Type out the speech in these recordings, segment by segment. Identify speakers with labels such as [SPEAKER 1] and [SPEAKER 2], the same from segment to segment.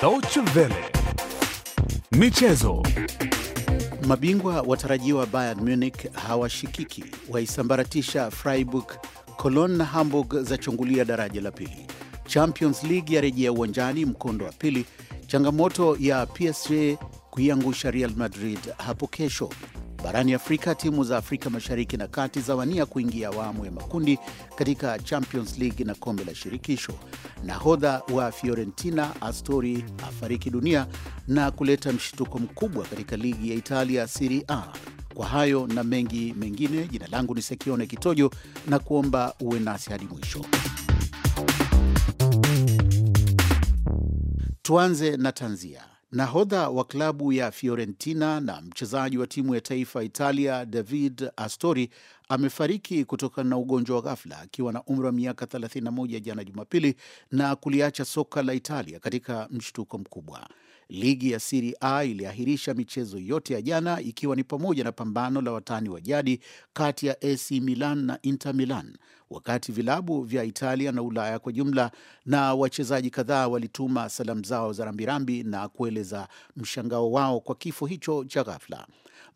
[SPEAKER 1] Deutsche Welle. Michezo. Mabingwa watarajiwa Bayern Munich hawashikiki, waisambaratisha Freiburg, Cologne na Hamburg za chungulia daraja la pili. Champions League yarejea uwanjani mkondo wa pili, changamoto ya PSG kuiangusha Real Madrid hapo kesho. Barani Afrika, timu za Afrika Mashariki na Kati zawania kuingia awamu ya makundi katika Champions League na kombe la shirikisho. Nahodha wa Fiorentina Astori afariki dunia na kuleta mshituko mkubwa katika ligi ya Italia Serie A. Kwa hayo na mengi mengine, jina langu ni Sekione Kitojo na kuomba uwe nasi hadi mwisho. Tuanze na tanzia. Nahodha wa klabu ya Fiorentina na mchezaji wa timu ya taifa Italia David Astori amefariki kutokana na ugonjwa wa ghafla akiwa na umri wa miaka 31 jana Jumapili, na kuliacha soka la Italia katika mshtuko mkubwa. Ligi ya Serie A iliahirisha michezo yote ya jana ikiwa ni pamoja na pambano la watani wa jadi kati ya AC Milan na Inter Milan, wakati vilabu vya Italia na Ulaya kwa jumla na wachezaji kadhaa walituma salamu zao za rambirambi na kueleza mshangao wao kwa kifo hicho cha ghafla.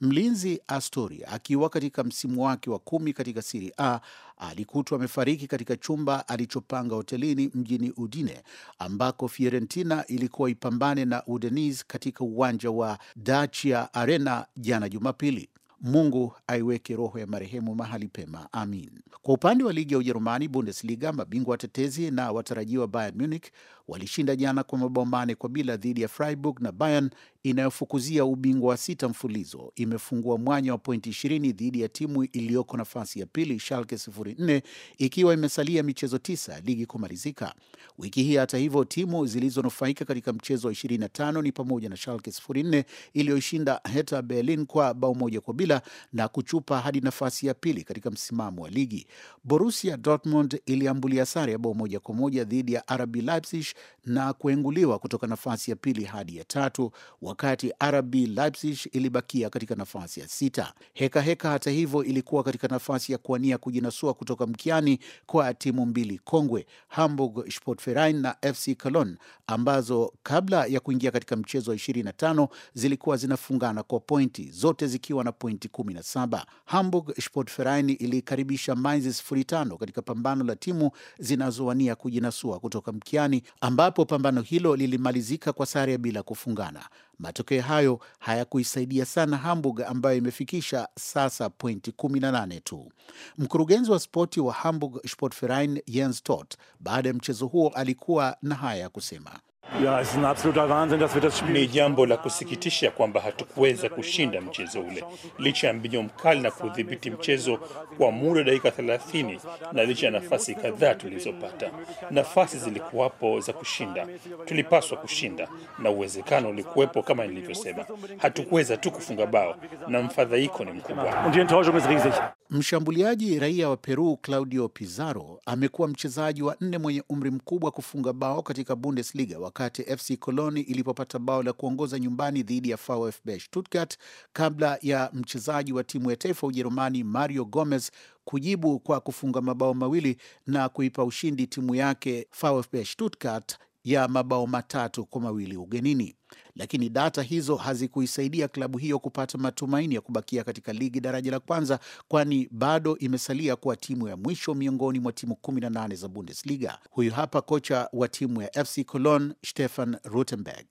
[SPEAKER 1] Mlinzi Astori akiwa katika msimu wake wa kumi katika Siri A alikutwa amefariki katika chumba alichopanga hotelini mjini Udine ambako Fiorentina ilikuwa ipambane na Udinese katika uwanja wa Dacia Arena jana Jumapili. Mungu aiweke roho ya marehemu mahali pema, amin. Kwa upande wa ligi ya Ujerumani, Bundesliga, mabingwa watetezi na watarajiwa Bayern Munich walishinda jana kwa mabao mane kwa bila dhidi ya Freiburg na Bayern inayofukuzia ubingwa wa sita mfulizo imefungua mwanya wa pointi 20 dhidi ya timu iliyoko nafasi ya pili Schalke 04 ikiwa imesalia michezo tisa ligi kumalizika wiki hii. Hata hivyo, timu zilizonufaika katika mchezo wa 25 ni pamoja na Schalke 04 iliyoshinda Hertha Berlin kwa bao moja kwa bila na kuchupa hadi nafasi ya pili katika msimamo wa ligi. Borussia Dortmund iliambulia sare ya bao moja kwa moja dhidi ya RB Leipzig na kuenguliwa kutoka nafasi ya pili hadi ya tatu, wakati RB Leipzig ilibakia katika nafasi ya sita. Hekaheka heka, hata hivyo, ilikuwa katika nafasi ya kuwania kujinasua kutoka mkiani kwa timu mbili kongwe, Hamburg Sportverein na FC Cologne, ambazo kabla ya kuingia katika mchezo wa 25 zilikuwa zinafungana kwa pointi, zote zikiwa na pointi 17. Hamburg Sportverein ilikaribisha Mainz sifuri tano katika pambano la timu zinazowania kujinasua kutoka mkiani ambapo pambano hilo lilimalizika kwa sare bila kufungana. Matokeo hayo hayakuisaidia sana Hamburg ambayo imefikisha sasa pointi 18 tu. Mkurugenzi wa spoti wa Hamburg Sportverein Jens tot baada ya mchezo huo alikuwa na haya ya kusema ni jambo la kusikitisha kwamba hatukuweza kushinda mchezo ule licha ya mbinyo mkali na kudhibiti mchezo kwa muda wa dakika 30 na licha ya nafasi kadhaa tulizopata. Nafasi zilikuwapo za kushinda, tulipaswa kushinda na uwezekano ulikuwepo. Kama nilivyosema, hatukuweza tu kufunga bao na mfadhaiko ni mkubwa. Mshambuliaji raia wa Peru Claudio Pizarro amekuwa mchezaji wa nne mwenye umri mkubwa kufunga bao katika Bundesliga wakati FC coloni ilipopata bao la kuongoza nyumbani dhidi ya VfB Stuttgart kabla ya mchezaji wa timu ya taifa Ujerumani Mario Gomez kujibu kwa kufunga mabao mawili na kuipa ushindi timu yake VfB Stuttgart ya mabao matatu kwa mawili ugenini, lakini data hizo hazikuisaidia klabu hiyo kupata matumaini ya kubakia katika ligi daraja la kwanza, kwani bado imesalia kuwa timu ya mwisho miongoni mwa timu 18 za Bundesliga. Huyu hapa kocha wa timu ya FC Cologne Stefan Rutenberg.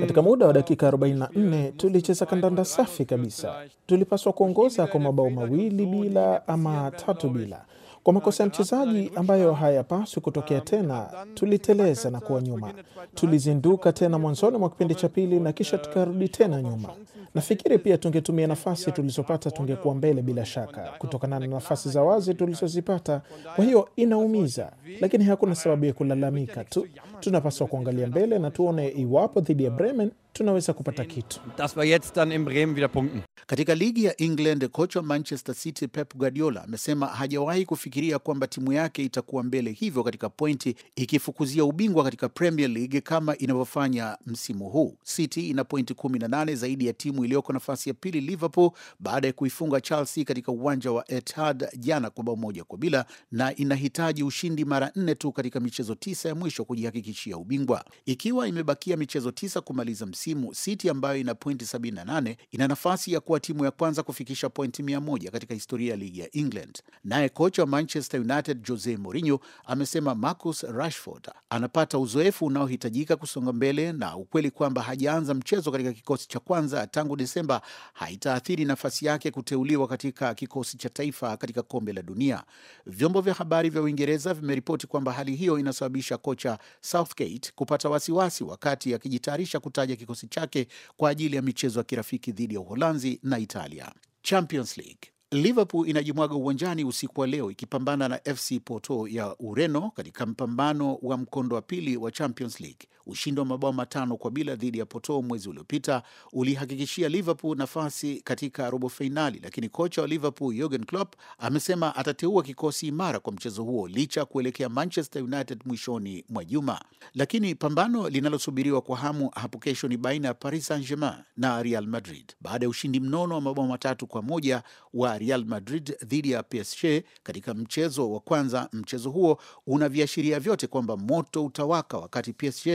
[SPEAKER 1] Katika muda wa dakika 44 tulicheza kandanda safi kabisa, tulipaswa kuongoza kwa mabao mawili bila ama tatu bila kwa makosa ya mchezaji ambayo hayapaswi kutokea tena, tuliteleza na kuwa nyuma. Tulizinduka tena mwanzoni mwa kipindi cha pili na kisha tukarudi tena nyuma. Nafikiri pia tungetumia nafasi tulizopata, tungekuwa mbele bila shaka, kutokana na nafasi za wazi tulizozipata. Kwa hiyo inaumiza, lakini hakuna sababu ya kulalamika tu. Tunapaswa kuangalia mbele na tuone iwapo dhidi ya Bremen tunaweza kupata kitu. Das war jetzt dann in Bremen wieder punkten. Katika ligi ya England, kocha wa Manchester City Pep Guardiola amesema hajawahi kufikiria kwamba timu yake itakuwa mbele hivyo katika pointi, ikifukuzia ubingwa katika Premier League kama inavyofanya msimu huu. City ina pointi 18 zaidi ya timu iliyoko nafasi ya pili Liverpool, baada ya kuifunga Chelsea katika uwanja wa Etihad jana kwa bao moja kwa bila, na inahitaji ushindi mara nne tu katika michezo tisa ya mwisho kujihakikishia kujitishia ubingwa. Ikiwa imebakia michezo tisa kumaliza msimu, City ambayo ina pointi 78 ina nafasi ya kuwa timu ya kwanza kufikisha pointi 100 katika historia ya ligi ya England. Naye kocha wa Manchester United Jose Mourinho amesema Marcus Rashford anapata uzoefu unaohitajika kusonga mbele, na ukweli kwamba hajaanza mchezo katika kikosi cha kwanza tangu Desemba haitaathiri nafasi yake kuteuliwa katika kikosi cha taifa katika kombe la dunia. Vyombo vya habari vya Uingereza vimeripoti kwamba hali hiyo inasababisha kocha South Southgate kupata wasiwasi wakati akijitayarisha kutaja kikosi chake kwa ajili ya michezo ya kirafiki dhidi ya Uholanzi na Italia. Champions League Liverpool inajimwaga uwanjani usiku wa leo ikipambana na FC Porto ya Ureno katika mpambano wa mkondo wa pili wa Champions League. Ushindi wa mabao matano kwa bila dhidi ya Porto mwezi uliopita ulihakikishia Liverpool nafasi katika robo fainali, lakini kocha wa Liverpool Jurgen Klopp amesema atateua kikosi imara kwa mchezo huo licha ya kuelekea Manchester United mwishoni mwa juma. Lakini pambano linalosubiriwa kwa hamu hapo kesho ni baina ya Paris Saint Germain na Real Madrid baada ya ushindi mnono wa mabao matatu kwa moja wa Real Madrid dhidi ya PSG katika mchezo wa kwanza. Mchezo huo una viashiria vyote kwamba moto utawaka wakati PSG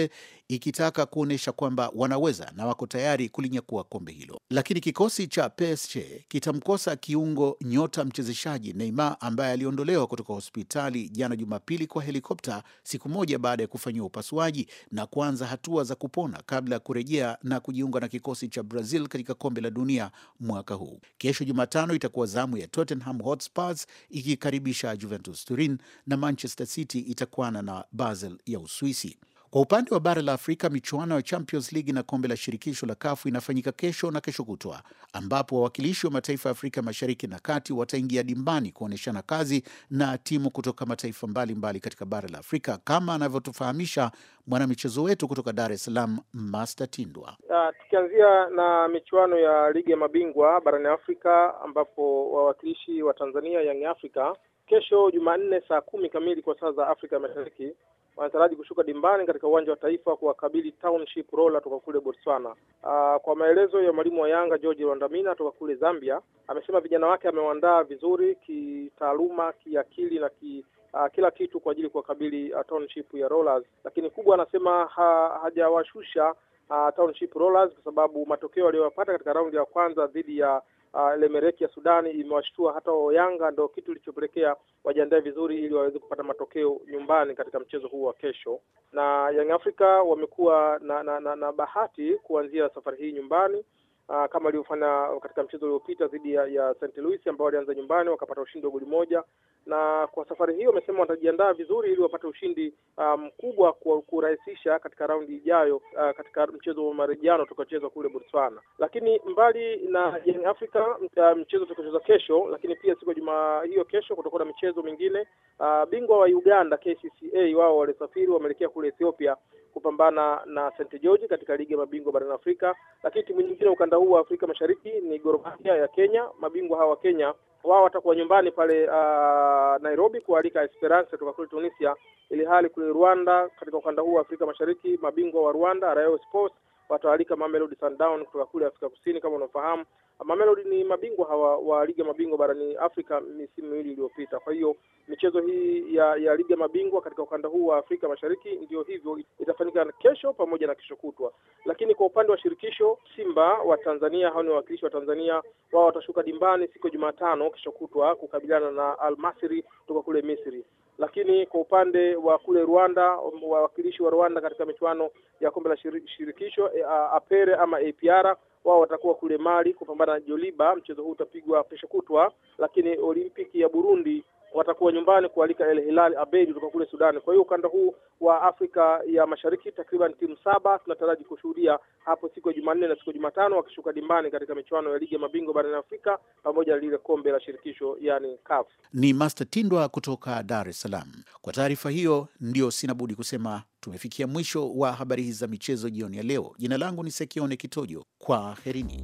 [SPEAKER 1] ikitaka kuonyesha kwamba wanaweza na wako tayari kulinyakua kombe hilo, lakini kikosi cha PSG kitamkosa kiungo nyota mchezeshaji Neymar ambaye aliondolewa kutoka hospitali jana Jumapili kwa helikopta siku moja baada ya kufanyiwa upasuaji na kuanza hatua za kupona kabla ya kurejea na kujiunga na kikosi cha Brazil katika kombe la dunia mwaka huu. Kesho Jumatano itakuwa zamu ya Tottenham Hotspur ikikaribisha Juventus Turin na Manchester City itakuana na Basel ya Uswisi. Kwa upande wa bara la Afrika, michuano ya Champions League na kombe la shirikisho la KAFU inafanyika kesho na kesho kutwa, ambapo wawakilishi wa mataifa ya Afrika mashariki na kati wataingia dimbani kuonyeshana kazi na timu kutoka mataifa mbalimbali mbali katika bara la Afrika, kama anavyotufahamisha mwanamichezo wetu kutoka Dar es Salaam, Master Tindwa.
[SPEAKER 2] Uh, tukianzia na michuano ya ligi ya mabingwa barani Afrika, ambapo wawakilishi wa Tanzania Young Africa kesho Jumanne saa kumi kamili kwa saa za Afrika Mashariki wanataraji kushuka dimbani katika uwanja wa taifa kuwakabili Township Roller toka kule Botswana. Aa, ah, kwa maelezo ya mwalimu wa Yanga George Rwandamina toka kule Zambia, amesema vijana wake amewaandaa vizuri kitaaluma, kiakili na ki Uh, kila kitu kwa ajili ya kuwakabili uh, Township ya Rollers, lakini kubwa anasema ha, hajawashusha uh, Township Rollers kwa sababu matokeo aliyoyapata katika raundi ya kwanza dhidi ya uh, ah, Lemereki ya Sudani imewashtua hata Yanga, ndo kitu kilichopelekea wajiandae vizuri ili waweze kupata matokeo nyumbani katika mchezo huu wa kesho. Na Young Africa wamekuwa na, na, na, na bahati kuanzia safari hii nyumbani uh, kama alivyofanya katika mchezo uliopita dhidi ya, ya St Louis ambao walianza nyumbani wakapata ushindi wa goli moja, na kwa safari hiyo wamesema watajiandaa vizuri ili wapate ushindi ah, mkubwa um, kwa kurahisisha katika raundi ijayo uh, katika mchezo wa marejiano utakaochezwa kule Botswana. Lakini mbali na Young Africa mchezo utakaochezwa kesho, lakini pia siku ya Jumaa hiyo kesho kutakuwa na michezo mingine uh, bingwa wa Uganda KCCA wao walisafiri wameelekea kule Ethiopia kupambana na St George katika ligi ya mabingwa barani Afrika. Lakini timu nyingine ukanda huu wa Afrika Mashariki ni Gor Mahia ya Kenya. Mabingwa hawa wa Kenya wao watakuwa nyumbani pale uh, Nairobi kualika Esperance kutoka kule Tunisia, ili hali kule Rwanda katika ukanda huu wa Afrika Mashariki mabingwa wa Rwanda Rayon Sports watawalika Mamelodi Sundown kutoka kule Afrika Kusini. Kama unafahamu, Mamelodi ni mabingwa hawa wa ligi ya mabingwa barani Afrika misimu miwili iliyopita. Kwa hiyo michezo hii ya, ya ligi ya mabingwa katika ukanda huu wa Afrika Mashariki ndio hivyo itafanyika kesho pamoja na kesho kutwa. Lakini kwa upande wa shirikisho, Simba wa Tanzania hao ni wawakilishi wa Tanzania, wao watashuka dimbani siku ya Jumatano kesho kutwa kukabiliana na Al kutoka kule Misri. Lakini kwa upande wa kule Rwanda, wawakilishi wa Rwanda katika michuano ya kombe la shirikisho eh, Apere ama APR wao watakuwa kule Mali kupambana na Joliba. Mchezo huu utapigwa kesho kutwa, lakini Olimpiki ya Burundi watakuwa nyumbani kualika El Hilal Abeid kutoka kule Sudani. Kwa hiyo ukanda huu wa Afrika ya Mashariki, takriban timu saba tunataraji kushuhudia hapo siku ya Jumanne na siku ya Jumatano wakishuka dimbani katika michuano ya ligi ya mabingwa barani Afrika pamoja na lile kombe la
[SPEAKER 1] shirikisho, yani CAF. Ni Master Tindwa kutoka Dar es Salaam. Kwa taarifa hiyo, ndio sinabudi kusema tumefikia mwisho wa habari hizi za michezo jioni ya leo. Jina langu ni Sekione Kitojo, kwaherini.